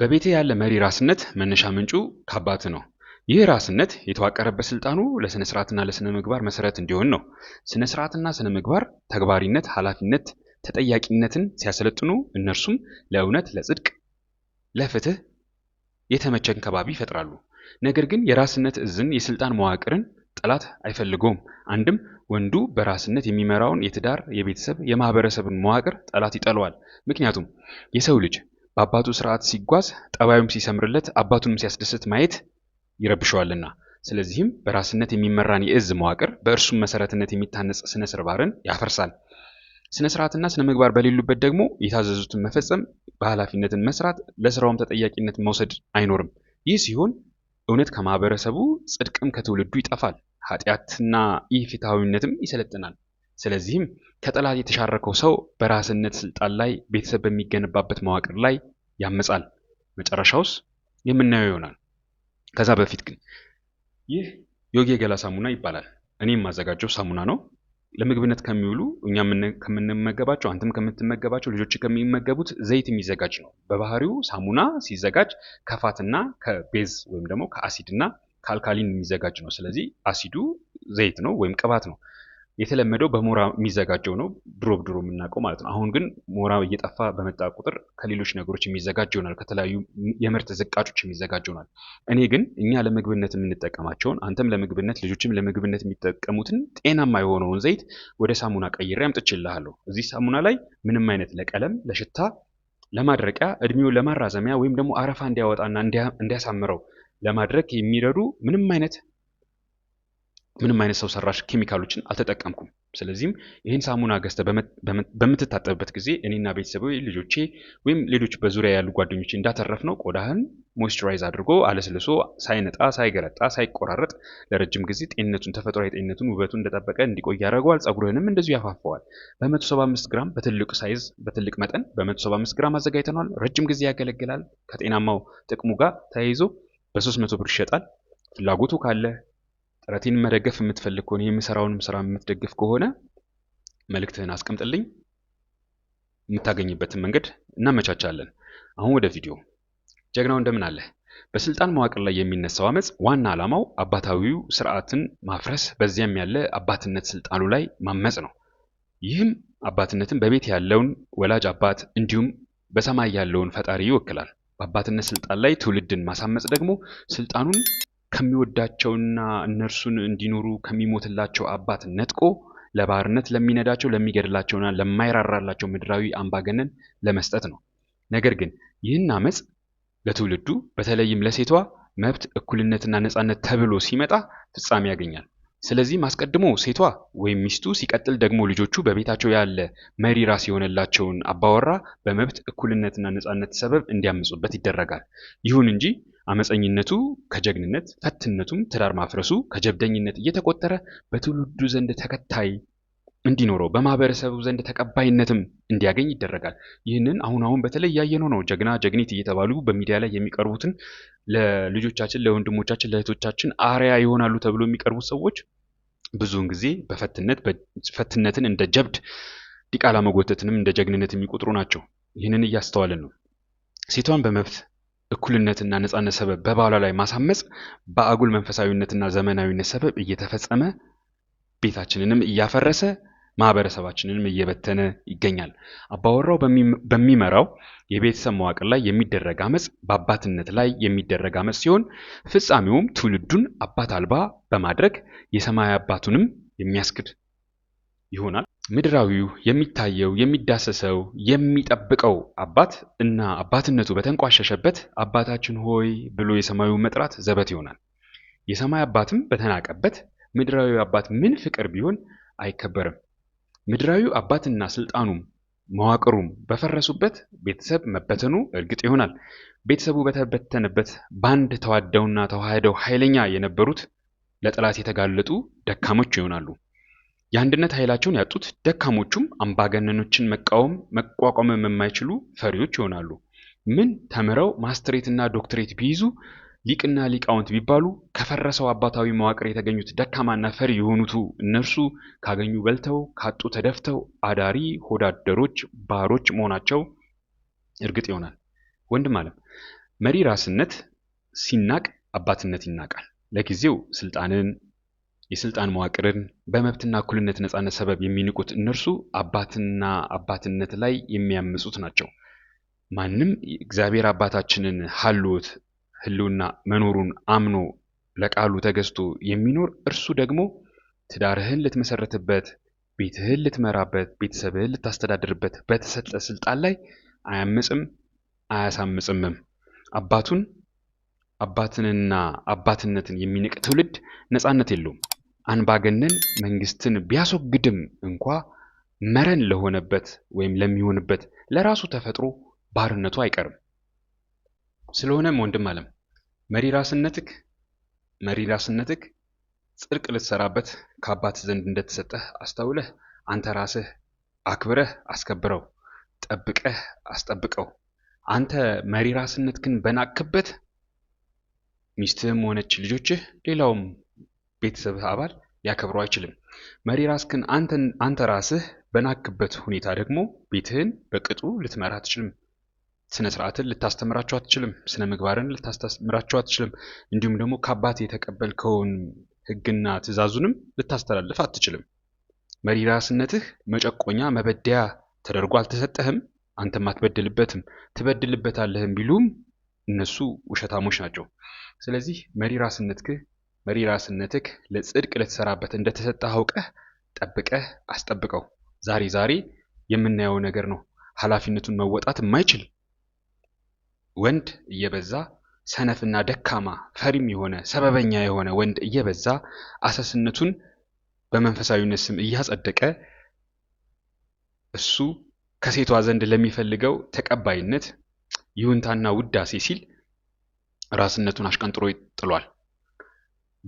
በቤቴ ያለ መሪ ራስነት መነሻ ምንጩ ከአባት ነው። ይህ ራስነት የተዋቀረበት ስልጣኑ ለስነ ስርዓትና ለስነ ምግባር መሰረት እንዲሆን ነው። ስነ ስርዓትና ስነ ምግባር ተግባሪነት፣ ኃላፊነት፣ ተጠያቂነትን ሲያሰለጥኑ እነርሱም ለእውነት፣ ለጽድቅ፣ ለፍትህ የተመቸን ከባቢ ይፈጥራሉ። ነገር ግን የራስነት እዝን የስልጣን መዋቅርን ጠላት አይፈልገውም። አንድም ወንዱ በራስነት የሚመራውን የትዳር፣ የቤተሰብ፣ የማህበረሰብን መዋቅር ጠላት ይጠለዋል። ምክንያቱም የሰው ልጅ በአባቱ ስርዓት ሲጓዝ ጠባዩም ሲሰምርለት አባቱንም ሲያስደስት ማየት ይረብሸዋልና ስለዚህም በራስነት የሚመራን የእዝ መዋቅር በእርሱም መሰረትነት የሚታነጽ ስነ ስርባርን ያፈርሳል። ስነ ስርዓትና ስነ ምግባር በሌሉበት ደግሞ የታዘዙትን መፈጸም፣ በኃላፊነትን መስራት፣ ለስራውም ተጠያቂነት መውሰድ አይኖርም። ይህ ሲሆን እውነት ከማህበረሰቡ ጽድቅም ከትውልዱ ይጠፋል። ኃጢአትና ኢፍትሐዊነትም ይሰለጥናል። ስለዚህም ከጠላት የተሻረከው ሰው በራስነት ስልጣን ላይ ቤተሰብ በሚገነባበት መዋቅር ላይ ያመጻል። መጨረሻውስ የምናየው ይሆናል። ከዛ በፊት ግን ይህ ዮጊ የገላ ሳሙና ይባላል። እኔ የማዘጋጀው ሳሙና ነው። ለምግብነት ከሚውሉ እኛ ከምንመገባቸው፣ አንተም ከምትመገባቸው፣ ልጆች ከሚመገቡት ዘይት የሚዘጋጅ ነው። በባህሪው ሳሙና ሲዘጋጅ ከፋትና ከቤዝ ወይም ደግሞ ከአሲድ እና ከአልካሊን የሚዘጋጅ ነው። ስለዚህ አሲዱ ዘይት ነው ወይም ቅባት ነው። የተለመደው በሞራ የሚዘጋጀው ነው ድሮ ድሮ የምናውቀው ማለት ነው። አሁን ግን ሞራ እየጠፋ በመጣ ቁጥር ከሌሎች ነገሮች የሚዘጋጅ ይሆናል። ከተለያዩ የምርት ዝቃጮች የሚዘጋጅ ይሆናል። እኔ ግን እኛ ለምግብነት የምንጠቀማቸውን አንተም ለምግብነት ልጆችም ለምግብነት የሚጠቀሙትን ጤናማ የሆነውን ዘይት ወደ ሳሙና ቀይሬ አምጥቼልሃለሁ። እዚህ ሳሙና ላይ ምንም አይነት ለቀለም፣ ለሽታ፣ ለማድረቂያ እድሜውን ለማራዘሚያ ወይም ደግሞ አረፋ እንዲያወጣና እንዲያሳምረው ለማድረግ የሚረዱ ምንም አይነት ምንም አይነት ሰው ሰራሽ ኬሚካሎችን አልተጠቀምኩም። ስለዚህም ይህን ሳሙና ገዝተ በምትታጠብበት ጊዜ እኔና ቤተሰብ ልጆቼ ወይም ሌሎች በዙሪያ ያሉ ጓደኞች እንዳተረፍ ነው ቆዳህን ሞይስቸራይዝ አድርጎ አለስልሶ ሳይነጣ፣ ሳይገረጣ፣ ሳይቆራረጥ ለረጅም ጊዜ ጤንነቱን ተፈጥሯዊ ጤንነቱን ውበቱን እንደጠበቀ እንዲቆይ ያደርገዋል። ጸጉርህንም እንደዚሁ ያፋፈዋል። በ175 ግራም በትልቅ ሳይዝ በትልቅ መጠን በ175 ግራም አዘጋጅተነዋል። ረጅም ጊዜ ያገለግላል። ከጤናማው ጥቅሙ ጋር ተያይዞ በ300 ብር ይሸጣል። ፍላጎቱ ካለ ጥረቴን መደገፍ የምትፈልግ ከሆነ የምሰራውንም ስራ የምትደግፍ ከሆነ መልእክትህን አስቀምጥልኝ። የምታገኝበትን መንገድ እናመቻቻለን። አሁን ወደ ቪዲዮ። ጀግናው እንደምን አለህ? በስልጣን መዋቅር ላይ የሚነሳው አመፅ ዋና ዓላማው አባታዊው ስርዓትን ማፍረስ፣ በዚያም ያለ አባትነት ስልጣኑ ላይ ማመፅ ነው። ይህም አባትነትን በቤት ያለውን ወላጅ አባት እንዲሁም በሰማይ ያለውን ፈጣሪ ይወክላል። በአባትነት ስልጣን ላይ ትውልድን ማሳመፅ ደግሞ ስልጣኑን ከሚወዳቸውና እነርሱን እንዲኖሩ ከሚሞትላቸው አባት ነጥቆ ለባርነት ለሚነዳቸው ለሚገድላቸውና ለማይራራላቸው ምድራዊ አምባገነን ለመስጠት ነው። ነገር ግን ይህን አመፅ ለትውልዱ በተለይም ለሴቷ መብት እኩልነትና ነፃነት ተብሎ ሲመጣ ፍጻሜ ያገኛል። ስለዚህም አስቀድሞ ሴቷ ወይም ሚስቱ ሲቀጥል ደግሞ ልጆቹ በቤታቸው ያለ መሪ ራስ የሆነላቸውን አባወራ በመብት እኩልነትና ነፃነት ሰበብ እንዲያምፁበት ይደረጋል። ይሁን እንጂ አመፀኝነቱ ከጀግንነት ፈትነቱም ትዳር ማፍረሱ ከጀብደኝነት እየተቆጠረ በትውልዱ ዘንድ ተከታይ እንዲኖረው በማህበረሰቡ ዘንድ ተቀባይነትም እንዲያገኝ ይደረጋል። ይህንን አሁን አሁን በተለይ ያየነው ነው። ጀግና ጀግኒት እየተባሉ በሚዲያ ላይ የሚቀርቡትን ለልጆቻችን፣ ለወንድሞቻችን፣ ለእህቶቻችን አርያ ይሆናሉ ተብሎ የሚቀርቡት ሰዎች ብዙውን ጊዜ በፈትነት ፈትነትን እንደ ጀብድ ዲቃላ መጎተትንም እንደ ጀግንነት የሚቆጥሩ ናቸው። ይህንን እያስተዋልን ነው። ሴቷን በመብት እኩልነትና ነጻነት ሰበብ በባሏ ላይ ማሳመፅ በአጉል መንፈሳዊነትና ዘመናዊነት ሰበብ እየተፈጸመ ቤታችንንም እያፈረሰ ማህበረሰባችንንም እየበተነ ይገኛል። አባወራው በሚመራው የቤተሰብ መዋቅር ላይ የሚደረግ አመፅ በአባትነት ላይ የሚደረግ አመፅ ሲሆን ፍጻሜውም ትውልዱን አባት አልባ በማድረግ የሰማይ አባቱንም የሚያስክድ ይሆናል። ምድራዊው የሚታየው የሚዳሰሰው የሚጠብቀው አባት እና አባትነቱ በተንቋሸሸበት አባታችን ሆይ ብሎ የሰማዩን መጥራት ዘበት ይሆናል። የሰማይ አባትም በተናቀበት ምድራዊ አባት ምን ፍቅር ቢሆን አይከበርም። ምድራዊው አባትና ስልጣኑም መዋቅሩም በፈረሱበት ቤተሰብ መበተኑ እርግጥ ይሆናል። ቤተሰቡ በተበተነበት በአንድ ተዋደውና ተዋህደው ኃይለኛ የነበሩት ለጠላት የተጋለጡ ደካሞች ይሆናሉ። የአንድነት ኃይላቸውን ያጡት ደካሞቹም አምባገነኖችን መቃወም መቋቋምም የማይችሉ ፈሪዎች ይሆናሉ። ምን ተምረው ማስትሬትና ዶክትሬት ቢይዙ ሊቅና ሊቃውንት ቢባሉ ከፈረሰው አባታዊ መዋቅር የተገኙት ደካማና ፈሪ የሆኑቱ እነርሱ ካገኙ በልተው ካጡ ተደፍተው አዳሪ ሆዳደሮች ባሮች መሆናቸው እርግጥ ይሆናል። ወንድም አለም መሪ ራስነት ሲናቅ አባትነት ይናቃል። ለጊዜው ስልጣንን የስልጣን መዋቅርን በመብትና እኩልነት ነጻነት ሰበብ የሚንቁት እነርሱ አባትና አባትነት ላይ የሚያምፁት ናቸው። ማንም እግዚአብሔር አባታችንን ሀልዎት ህልውና መኖሩን አምኖ ለቃሉ ተገዝቶ የሚኖር እርሱ ደግሞ ትዳርህን ልትመሰረትበት፣ ቤትህን ልትመራበት፣ ቤተሰብህን ልታስተዳድርበት በተሰጠ ስልጣን ላይ አያምፅም አያሳምፅምም። አባቱን አባትንና አባትነትን የሚንቅ ትውልድ ነጻነት የለውም። አንባገነን መንግስትን ቢያስወግድም እንኳ መረን ለሆነበት ወይም ለሚሆንበት ለራሱ ተፈጥሮ ባርነቱ አይቀርም። ስለሆነም ወንድም አለም መሪ ራስነትክ መሪ ራስነትክ ጽድቅ ልትሰራበት ከአባት ዘንድ እንደተሰጠህ አስተውለህ አንተ ራስህ አክብረህ አስከብረው፣ ጠብቀህ አስጠብቀው። አንተ መሪ ራስነትክን በናቅክበት ሚስትህም ሆነች ልጆችህ ሌላውም ቤተሰብህ አባል ሊያከብረው አይችልም። መሪ ራስክን አንተ ራስህ በናክበት ሁኔታ ደግሞ ቤትህን በቅጡ ልትመራ አትችልም። ስነ ስርዓትን ልታስተምራቸው አትችልም። ስነ ምግባርን ልታስተምራቸው አትችልም። እንዲሁም ደግሞ ከአባት የተቀበልከውን ህግና ትዕዛዙንም ልታስተላልፍ አትችልም። መሪ ራስነትህ መጨቆኛ፣ መበደያ ተደርጎ አልተሰጠህም። አንተም አትበድልበትም። ትበድልበታለህም ቢሉም እነሱ ውሸታሞች ናቸው። ስለዚህ መሪ ራስነትህ መሪ ራስነትህ ለጽድቅ ልትሰራበት እንደተሰጠህ አውቀህ ጠብቀህ አስጠብቀው። ዛሬ ዛሬ የምናየው ነገር ነው። ኃላፊነቱን መወጣት የማይችል ወንድ እየበዛ ሰነፍና ደካማ ፈሪም የሆነ ሰበበኛ የሆነ ወንድ እየበዛ አሰስነቱን በመንፈሳዊነት ስም እያጸደቀ እሱ ከሴቷ ዘንድ ለሚፈልገው ተቀባይነት ይሁንታና ውዳሴ ሲል ራስነቱን አሽቀንጥሮ ጥሏል።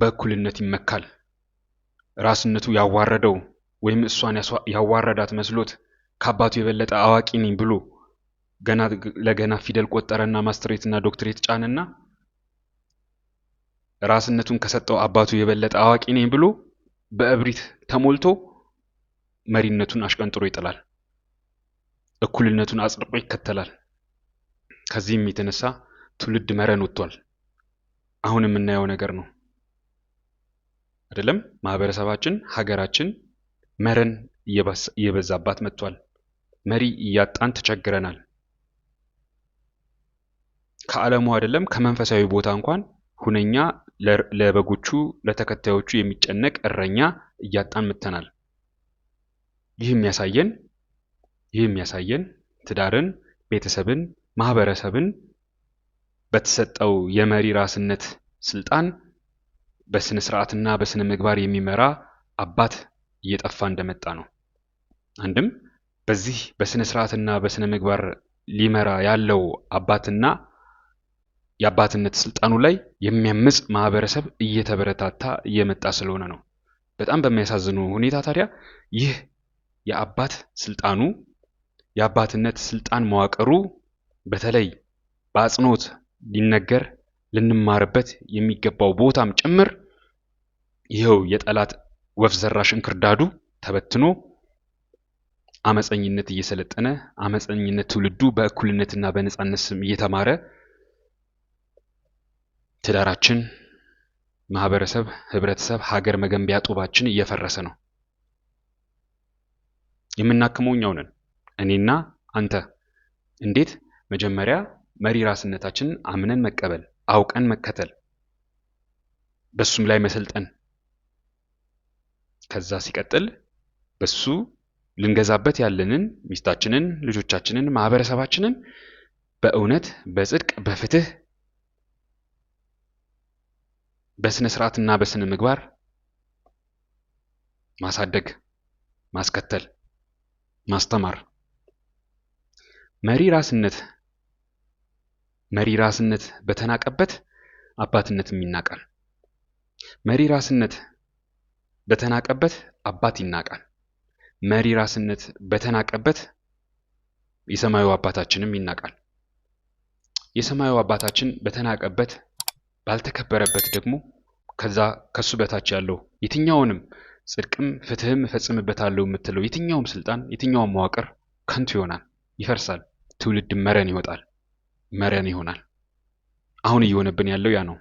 በእኩልነት ይመካል። ራስነቱ ያዋረደው ወይም እሷን ያዋረዳት መስሎት ከአባቱ የበለጠ አዋቂ ነኝ ብሎ ገና ለገና ፊደል ቆጠረና ማስትሬትና ዶክትሬት ጫንና ራስነቱን ከሰጠው አባቱ የበለጠ አዋቂ ነኝ ብሎ በእብሪት ተሞልቶ መሪነቱን አሽቀንጥሮ ይጥላል። እኩልነቱን አጽድቆ ይከተላል። ከዚህም የተነሳ ትውልድ መረን ወጥቷል። አሁን የምናየው ነገር ነው። አይደለም ማህበረሰባችን ሀገራችን መረን እየበዛባት መጥቷል። መሪ እያጣን ተቸግረናል። ከዓለሙ አይደለም ከመንፈሳዊ ቦታ እንኳን ሁነኛ ለበጎቹ ለተከታዮቹ የሚጨነቅ እረኛ እያጣን መጥተናል። ይህ የሚያሳየን ይህ የሚያሳየን ትዳርን፣ ቤተሰብን፣ ማህበረሰብን በተሰጠው የመሪ ራስነት ስልጣን በስነ ስርዓትና በስነ ምግባር የሚመራ አባት እየጠፋ እንደመጣ ነው። አንድም በዚህ በስነ ስርዓትና በስነ ምግባር ሊመራ ያለው አባትና የአባትነት ስልጣኑ ላይ የሚያምጽ ማህበረሰብ እየተበረታታ እየመጣ ስለሆነ ነው። በጣም በሚያሳዝኑ ሁኔታ ታዲያ ይህ የአባት ስልጣኑ የአባትነት ስልጣን መዋቅሩ በተለይ በአጽንኦት ሊነገር ልንማርበት የሚገባው ቦታም ጭምር ይኸው የጠላት ወፍ ዘራሽ እንክርዳዱ ተበትኖ አመፀኝነት እየሰለጠነ አመፀኝነት ትውልዱ በእኩልነትና በነፃነት ስም እየተማረ ትዳራችን፣ ማህበረሰብ፣ ህብረተሰብ፣ ሀገር መገንቢያ ጡባችን እየፈረሰ ነው። የምናክመው እኛው ነን፣ እኔና አንተ። እንዴት? መጀመሪያ መሪ ራስነታችንን አምነን መቀበል፣ አውቀን መከተል፣ በሱም ላይ መሰልጠን ከዛ ሲቀጥል በሱ ልንገዛበት ያለንን ሚስታችንን፣ ልጆቻችንን፣ ማህበረሰባችንን በእውነት በጽድቅ በፍትህ በስነ ስርዓትና በስነ ምግባር ማሳደግ፣ ማስከተል፣ ማስተማር መሪ ራስነት መሪ ራስነት በተናቀበት አባትነትም ይናቃል። መሪ ራስነት በተናቀበት አባት ይናቃል። መሪ ራስነት በተናቀበት የሰማዩ አባታችንም ይናቃል። የሰማዩ አባታችን በተናቀበት ባልተከበረበት ደግሞ ከዛ ከሱ በታች ያለው የትኛውንም ጽድቅም ፍትህም እፈጽምበታለሁ የምትለው የትኛውም ስልጣን የትኛውም መዋቅር ከንቱ ይሆናል፣ ይፈርሳል። ትውልድ መረን ይወጣል፣ መረን ይሆናል። አሁን እየሆነብን ያለው ያ ነው።